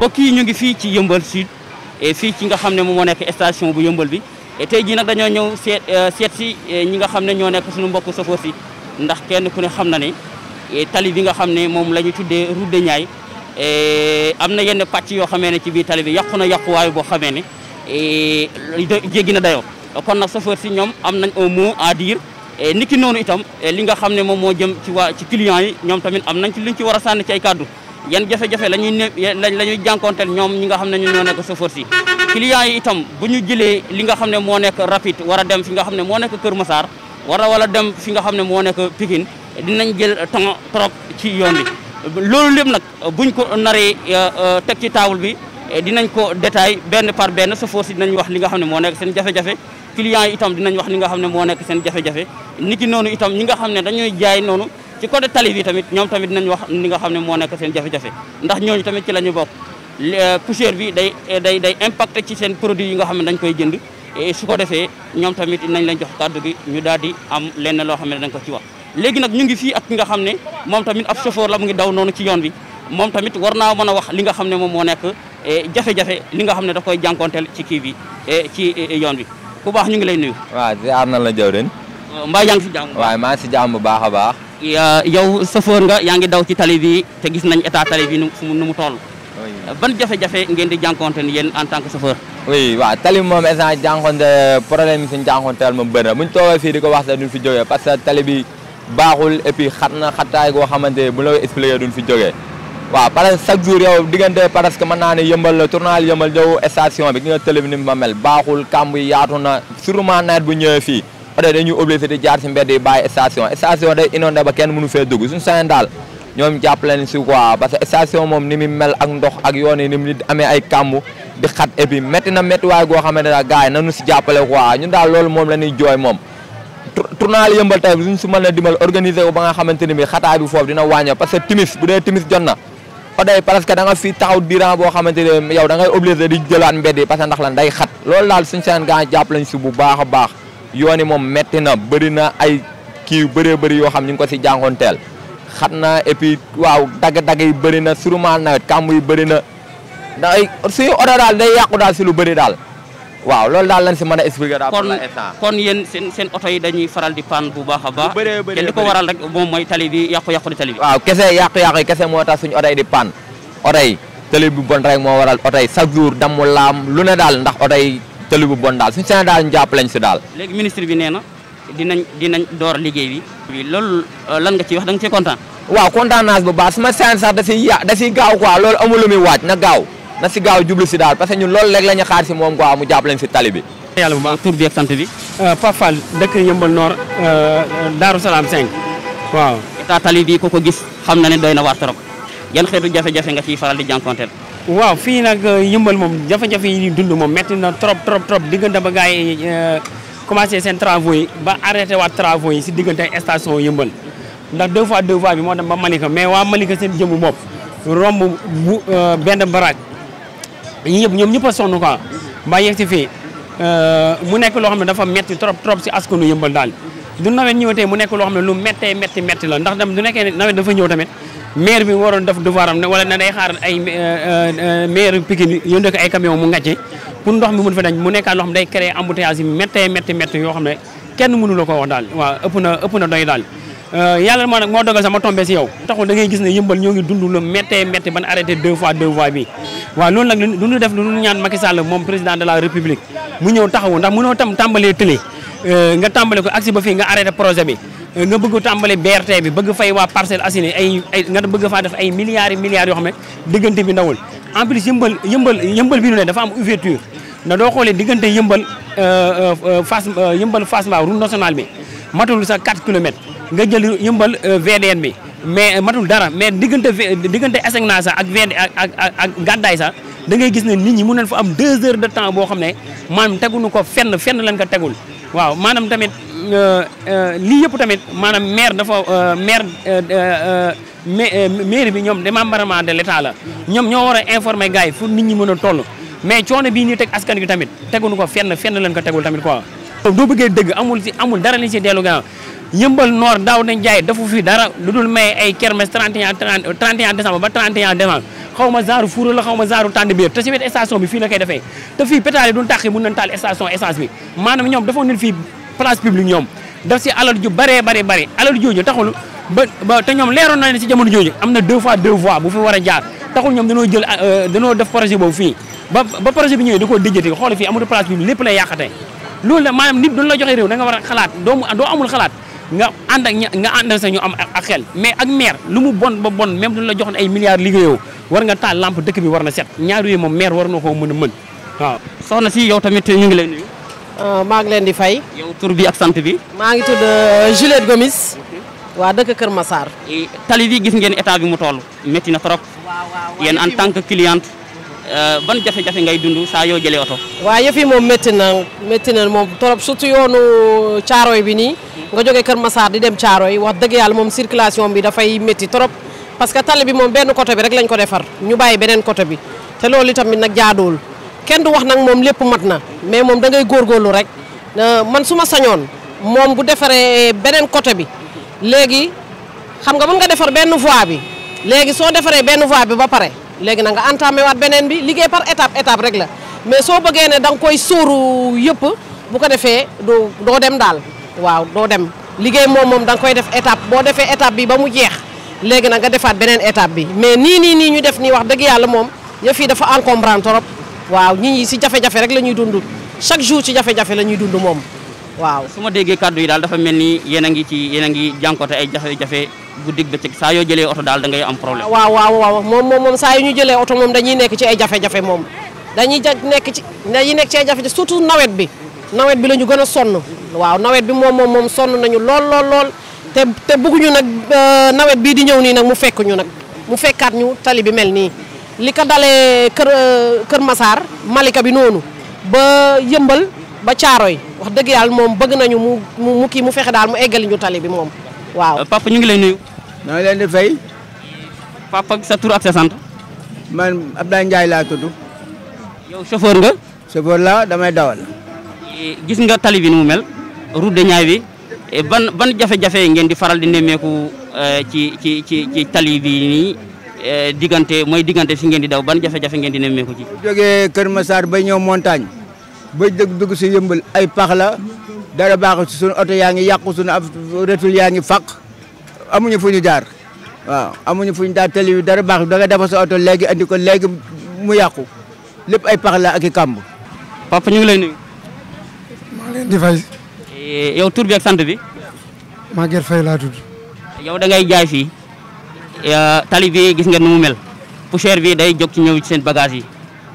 mbokk yi ñu ngi fii ci yëmbal sud et fii ci nga xam ne moom moo nekk station bu yëmbal bi et tey jii nag dañoo ñëw seet euh, seet si euh, ñi nga xam ne ñoo nekk suñu mbokk safoor si ndax kenn ku ne xam na ne tali bi nga xam ne moom la ñu tuddee route de Niayes am na yenn pàcc yoo xamee ne ci biir tali bi yàqu na yàquwaay boo xamee ne jéggi na dayoo kon na safoor si ñoom am nañ un mot à dire niki noonu itam li nga xam ne moom moo jëm ci waa ci clients yi ñoom tamit am nañ ci luñ ci war a sànni ci ay kàddu yan jafe-jafe la ñuy la la ñuy jànkonteel ñoom ñi nga xam ne ñu ñoo nekk chauffeur si clients yi itam bu ñu jëlee li nga xam ne moo nekk rapide war dem fi nga xam ne moo nekk Kër Massar wala dem fi nga xam ne moo nekk Pikine dinañ jël temps trop ci yoon bi loolu lépp nag buñ ko naree euh, euh, teg ci table bi di nañ ko détail benn par benn chauffeur si dinañ wax li nga xam ne moo nekk seen jafe-jafe clients yi itam dinañ wax li nga xam ne moo nekk seen jafe-jafe niki noonu itam ñi nga xam ne dañuy jaay noonu ci côté tali bi tamit ñoom tamit nañ wax ni nga xam ne moo nekk seen jafe-jafe ndax ñooñ tamit ci la ñu bokk euh, poussière bi day euh, day day impacté ci seen produit yi nga xam ne dañ koy jënd su ko defee ñoom tamit nañ leen jox kàddu gi ñu daal di am lenn loo xam ne dañ ko ci wax léegi nag ñu ngi fii ak ki nga xam ne moom tamit ab chauffeur la mu ngi daw noonu ci yoon bi moom tamit war naa mën a wax li nga xam ne moom moo nekk euh, jafe li nga xam ne da koy jànkonteel ci kii bi ci yoon bi ku baax ñu ngi lay nuyu. waaw ziar na la jaww den. mbaa yaa ngi si jàmm. waaw maa si jàmm bu baax a baax. yow sëfoor nga yaa ngi daw ci tali bi te gis nañ état tali bi nu mu nu mu toll. ban jafe-jafe ngeen di jànkoonte ni yéen en tant que chauffeur. oui waaw tali moom instant jànkoonte problème yi suñu jànkoonteel moom bëri na bu fii di ko wax sax duñ fi jógee parce que tali bi baaxul et puis xat na xattaay goo xamante bu la expliqué duñ fi jógee. waaw parce que chaque jour yow diggante parce que mën naa ne yëmbal la tournal yëmbal ñëw station bi ki nga tali bi ni ma mel baaxul kàmb yi yaatu na fii. oto dañuy obligé di jaar si mbedd yi bàyyi daal ñoom jàpp si quoi parce que moom ni mel ak ndox ak yoon yi ni mu amee ay kàmb di xat et puis na métti waay goo xamante ne gars na nañu si jàppale quoi ñun daal lool moom la jooy moom tournal yëmbal tey si mën a dimbal organiser ba nga xamante ni bi xataa bi foofu dina wàññe parce que timis bu dee timis jot na oto parce que da nga fii taxaw diran boo xamante ne yow da ngay obligé di jëlaat mbedd yi parce que ndax lan day xat loolu si bu baax a yoon yi moom metti na bëri na ay kii yu bëree bëri yoo xam ñu ngi ko si jànkoonteel xat na et waaw dagg-dagg yi bëri na surement nawet kàmb yi bëri na ndax ay suñu oto daal day yàqu daal si lu bëri daal waaw loolu daal lañ si mën a expliquer daal pour l'instant kon yéen seen seen oto faral di panne bu baax baax ko waral rek moom mooy tali bi yàqu-yàqu di tali bi waaw kese yàqu-yàqu kese moo tax suñu oto yi di panne oto yi tali moo waral oto chaque jour damu laam lu ne daal ndax oto yi tali bu bon daal suñu seen daal ñu si daal. léegi ministre bi nee na dinañ dinañ door liggéey bi. loolu euh, lan nga ci wax da nga ci kontaan. waaw kontaan naa si bu baax suma seen sax da siy gaaw quoi loolu amul lu waaj na gaaw na si gaaw jublu si daal parce que ñun loolu rek la xaar si moom quoi mu jàppaleñ si tali bi. yàlla bu baax tur bi bi. Euh, Pape Fall dëkk Yëmbal noor euh, Daaru Salaam 5 waaw. état tali bi ko ko gis xam na ne doy na waar trop yan xeetu jafe-jafe nga ciy faral di jànkonteel. waaw fii nag euh, yëmbal moom jafe-jafe yi dund moom metti na trop trop trop diggante ba gars yi euh, commencé seen travaux yi ba arrêté waat travaux yi si diggante station yëmbal ndax deux fois deux fois bi moo dem ba Malika mais waa Malika seen jëmmu bopp romb bu euh, benn baraaj ñi yëpp ñoom ñëpp a sonn quoi ba yegg si fi mu nekk loo xam ne dafa metti trop trop si askanu yëmbal daal du nawet ñëwatee mu nekk loo xam ne lu méttee métti métti la ndax dem du nekkee nawet dafa ñëw tamit maire bi waroon def devoiram ne na day xaar ay euh, euh, euh, maire Pikine yónnee ko ay camion mu ngàcce pour ndox mi mun fa mu nekkaat loo xam day créer embouteillage yi méttee métti métti yoo xam ne kenn mënu la ko wax daal waaw ëpp na ëpp na doy daal yàlla moo nag moo dogal sama tombé si yow taxul da gis ne yëmbal ñoo ngi dund la méttee métti ban arrêté deux fois deux fois bi waaw loolu nag lu def lu ñaan Macky moom président de la république mu ñëw taxawu ndax mënoo tam tàmbalee télé nga tàmbale ko agsi fii nga arrêté projet bi nga bëgg a tàmbale bi bëgg fay waa Parcelles Assainies ay ay nga bëgg faa def ay milliards milliards yoo xam ne diggante bi ndawul en plus yëmbal yëmbal yëmbal bi ñu ne dafa am ouverture na xoolee diggante yëmbal euh, euh, Fass euh, yëmbal Fass Mbao route nationale bi matul sa 4 kilomètres nga jël yëmbal VDN bi mais matul dara mais diggante diggante Esegna sa ak VD ak ak ak Gàddaay sa da ngay gis ne nit ñi mun nañ fa am 2 heures de temps boo xam ne maanaam teguñu ko fenn fenn lañ ko tegul waaw maanaam tamit. Euh, euh, lii yëpp tamit maanaam maire dafa euh, maire maire bi ñoom démembrement de l'état la ñoom ñoo war a informer gars yi fu nit ñi mën a toll mais coono bii ñu teg askan wi tamit teguñu ko fenn fenn leen ko tegul tamit quoi doo bëggee dëgg amul si amul dara li si dellu gannaaw yëmbal noor daaw dañ jaay dafu fi dara lu dul may ay kermes 31 31 décembre ba 31 décembre xaw ma zaaru fuura la xaw ma zaaru tànd biir te si wet station bi fii la koy defee te fii pétale nañ taal station essence bi place publique ñoom daf si alal ju bëree bëri bëri alal jooju taxul ba ba ñoom leeroon na ne si jamono jooju am na deux fois deux voies bu fi war a jaar taxul ñoom danoo jël euh, danoo def projet boobu fii ba ba projet bi ñëwee da koo dijjati xool fii amul place publique lépp la maanaam nit duñu la joxe réew da war a xalaat doo doo amul xalaat nga ànd ak ànd ñu am ak xel mais ak maire lu mu bon ba bon même duñu la joxoon ay milliards liggéeyoo war nga taal lampe dëkk bi war na set ñaar yooyu moom maire war na koo mën a mën waaw soxna si yow tamit ñu ngi lay nuyu Euh, maa ngi leen di fay. yow tur bi ak sant bi. maa ngi tudd euh, Juliette Gomis. waa dëkk Kër masaar tali bi gis ngeen état bi mu toll. métti na trop. waaw yéen en tant que cliente. Euh, ban jafe-jafe ngay dund saa yoo jëlee oto. waaw yëf moom métti na métti na moom trop surtout yoonu Caaroy bi nii. nga joge Kër Massar di dem Caaroy wax dëgg yàlla moom circulation bi dafay métti trop. parce que tali bi moom benn côté bi rek lañ ko defar ñu bàyyi beneen côté bi te loolu itamit nag jaaduwul. kenn du wax nag moom lépp mat na mais moom dangay ngay góorgóorlu rek euh, man su ma sañoon moom bu defaree beneen côté bi léegi xam nga mën nga defar benn voie bi léegi soo defaree benn voie bi ba pare léegi na nga waat beneen bi liggéey par étape étape rek la mais soo bëggee ne danga koy sóoru yëpp bu ko defee doo doo dem daal waaw doo dem liggéey moom moom danga koy def étape boo defee étape bi ba mu jeex léegi na nga defaat beneen étape bi mais nii nii nii ñu def nii wax dëgg yàlla moom yëf fii dafa encombrant trop waaw nit ñi si jafe-jafe rek la ñuy dund chaque jour ci jafe la ñuy dund moom waaw. su ma déggee kàddu yi daal dafa mel ni yéen a ngi ci yéen a ngi jànkote ay jafe-jafe guddi bëccëg saa yoo jëlee oto daal dangay ngay am problème. waaw waaw waaw moom moom moom saa yu ñu jëlee oto moom dañuy nekk ci ay jafe-jafe moom dañuy ja nekk ci dañuy nekk ci ay jafe surtout nawet bi nawet bi la ñu gën a sonn waaw nawet bi moom moom moom sonn nañu lool lool lool te te bëgguñu nag euh, nawet bi di ñëw nii nag mu fekk ñu nag mu fekkaat ñu tali bi mel nii li ko dalee kër euh, Masaar Malika bi noonu ba yëmbal ba Caaroy wax dëgg yàlla moom bëgg nañu mu mu kii mu fexe daal mu eggali ñu tali bi moom waaw. Euh, papa ñu ngi leen nuyu. na leen di fay. papa sa tur ak sa sant. man Abdoulaye Ndiaye laa tudd. yow chauffeur nga. chauffeur laa damay dawal. Eh, gis nga tali bi ni mu mel. route de bi. Eh, ban ban jafe-jafe ngeen di faral di nemmeeku euh, ci ci ci ci tali bi nii Eh, diggante mooy diggante fi ngeen di daw ban jafe-jafe ngeen di nemmeeku ci. bu jógee Kër Massar bay ñëw montagne bay dëgg dugg si yëmbal ay pax la dara baaxul si suñu oto yaa ngi yàqu suñu ab retul yaa ngi faq amuñu fu ñu jaar waaw amuñu fu ñu jaar tali dara baax danga dafa sa oto léegi andi ko léegi mu yàqu lépp ay pax la ak i kàmb. papa ñu ngi lay nuyu. maa ngi leen di fay. Eh, yow tur bi ak sant bi. Maguette Faye laa tali bi gis nga nu mu mel poussière bi day jóg ci ñëw ci seen bagage yi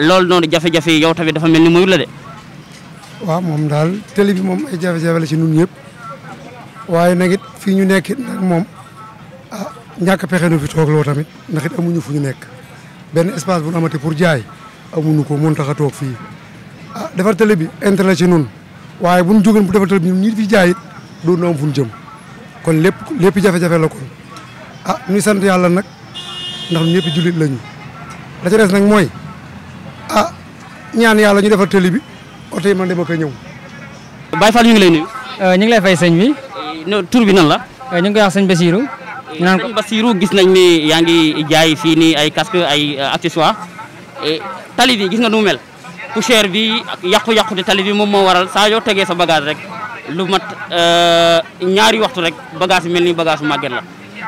loolu noonu jafe-jafe yi yow tamit dafa mel ni muyu la waaw moom daal tali bi moom ay jafe-jafe la ci nag it fii ñu nekk moom ah ñàkk pexe nu fi toog loo tamit ndax amuñu fu ñu nekk benn espace bu ñu amati pour jaay amuñu ko mun tax a toog fii ah defar tali bi intérêt la ci ñun waaye bu ñu jógee bu defar tali bi ñun ñi fi jaay it doon am fu ñu jëm kon lépp lépp jafe-jafe la ko ah ñu sant yàlla nag ndax ñëpp jullit lañu la ca des nag mooy ah ñaan yàlla ñu defal tëli bi oto yi man dama koy ñëw. Baye Fall ñu ngi euh, ñu ngi lay fay sëñ bi. Eh, tur bi nan la. Euh, ñu ngi koy wax sëñ Basirou. Eh, ñu gis nañ ni yaa ngi jaay fii nii ay casque ay euh, accessoires eh, tali bi gis nga nu mel poussière bi yàqu-yàqu te tali bi moom moo waral saa yoo tegee sa bagage rek lu mat ñaari waxtu rek bagage bi mel ni bagage màgget la.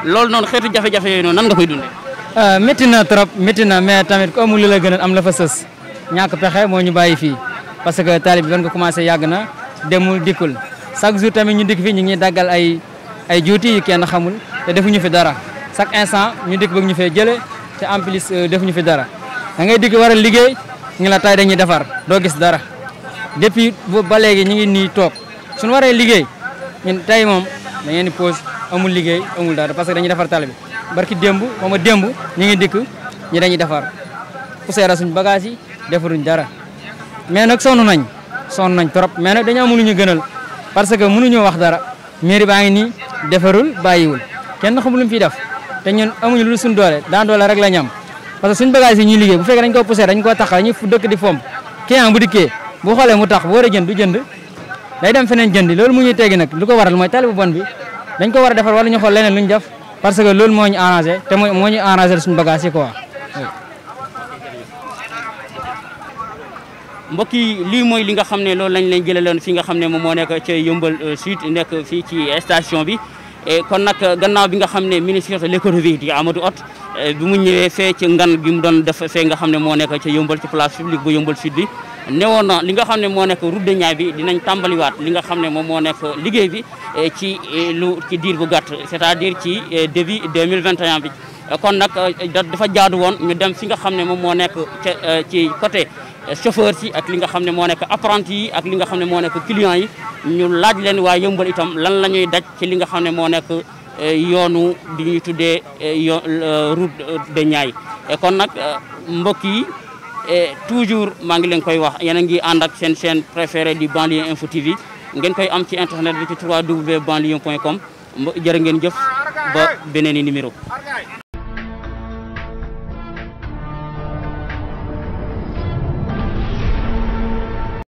loolu noonu xeetu jafe-jafe yooyu noonu nan nga koy dundee. Euh, métti na trop métti na mais tamit ku amul li la gënal am la fa sës ñàkk pexe moo ñu bàyyi fii parce que taalib bi ban ko commencé yàgg na demul dikkul chaque jour tamit ñu dikk fii ñu ngi daggal ay ay juuti yu kenn xamul te defuñu fi dara chaque instant ñu dikk bëgg ñu fee jëlee te en plus euh, defuñu fi dara da ngay dikk wara liggéey ñu la tay dañuy defar doo gis dara depuis ba léegi ñu ngi nii toog suñu waree liggéey ñun tey moom da amul liggéey amul dara parce que dañuy defar tali bi barki démb xaw ma démb ñu ngi dikk ñi dañuy defar poussière suñ bagage yi defaruñ dara mais nag sonn nañ sonn nañ trop mais nag dañu amul lu ñu gënal parce que mënuñoo wax dara mairie baa ngi nii defarul bàyyiwul kenn xamul lu mu def te ñun amuñu lu suñ daan doole rek la parce que suñ bagage yi bu fekkee dañ ko poussière dañ koo tax dañuy dëkk di fomb bu dikkee bu xoolee mu tax bu war a jënd du jënd day dem feneen jëndi loolu mu ko waral mooy tali bu bon dañ ko war a defar wala ñu xool leneen lu ñu def parce que loolu moo ñu arrangé te moo moo ñu arrangé suñu bagage yi quoi. mbokk lii mooy li nga xam ne loolu lañ leen jëlaloon fi nga xam ne moom moo nekk ca Yeumbeul euh, Sud nekk fii ci euh, station bi. kon nag euh, gannaaw bi nga xam ne ministre de l'économie di Amadou Hott bi mu ñëwee fee ci ngan bi mu doon def fee nga xam ne moo nekk ci yombal ci place publique bu Yeumbeul Sud bi. newoon na li nga xam ne moo nekk route de Niayes bi dinañ tàmbaliwaat li nga xam ne moom moo nekk liggéey bi eh, ci eh, lu ci diir bu gàtt c'est-à-dire ci eh, début 2021 bi kon nag dafa jaadu woon ñu dem fi nga xam ne moom moo nekk ci côté chauffeur si ak li nga xam ne moo nekk apprenti yi ak li nga xam ne moo nekk client yi ñu laaj leen waa yëmbal itam lan la ñuy daj ci li nga xam ne moo nekk yoonu bi ñuy tuddee route de Niayes kon nag mbokk yi et toujours maa ngi leen koy wax yéen a ngi ànd ak seen chaîne préférée du banlieue info TV ngeen koy am ci internet bi ci www banlieue point com jërë ngeen jëf ba beneen numéro.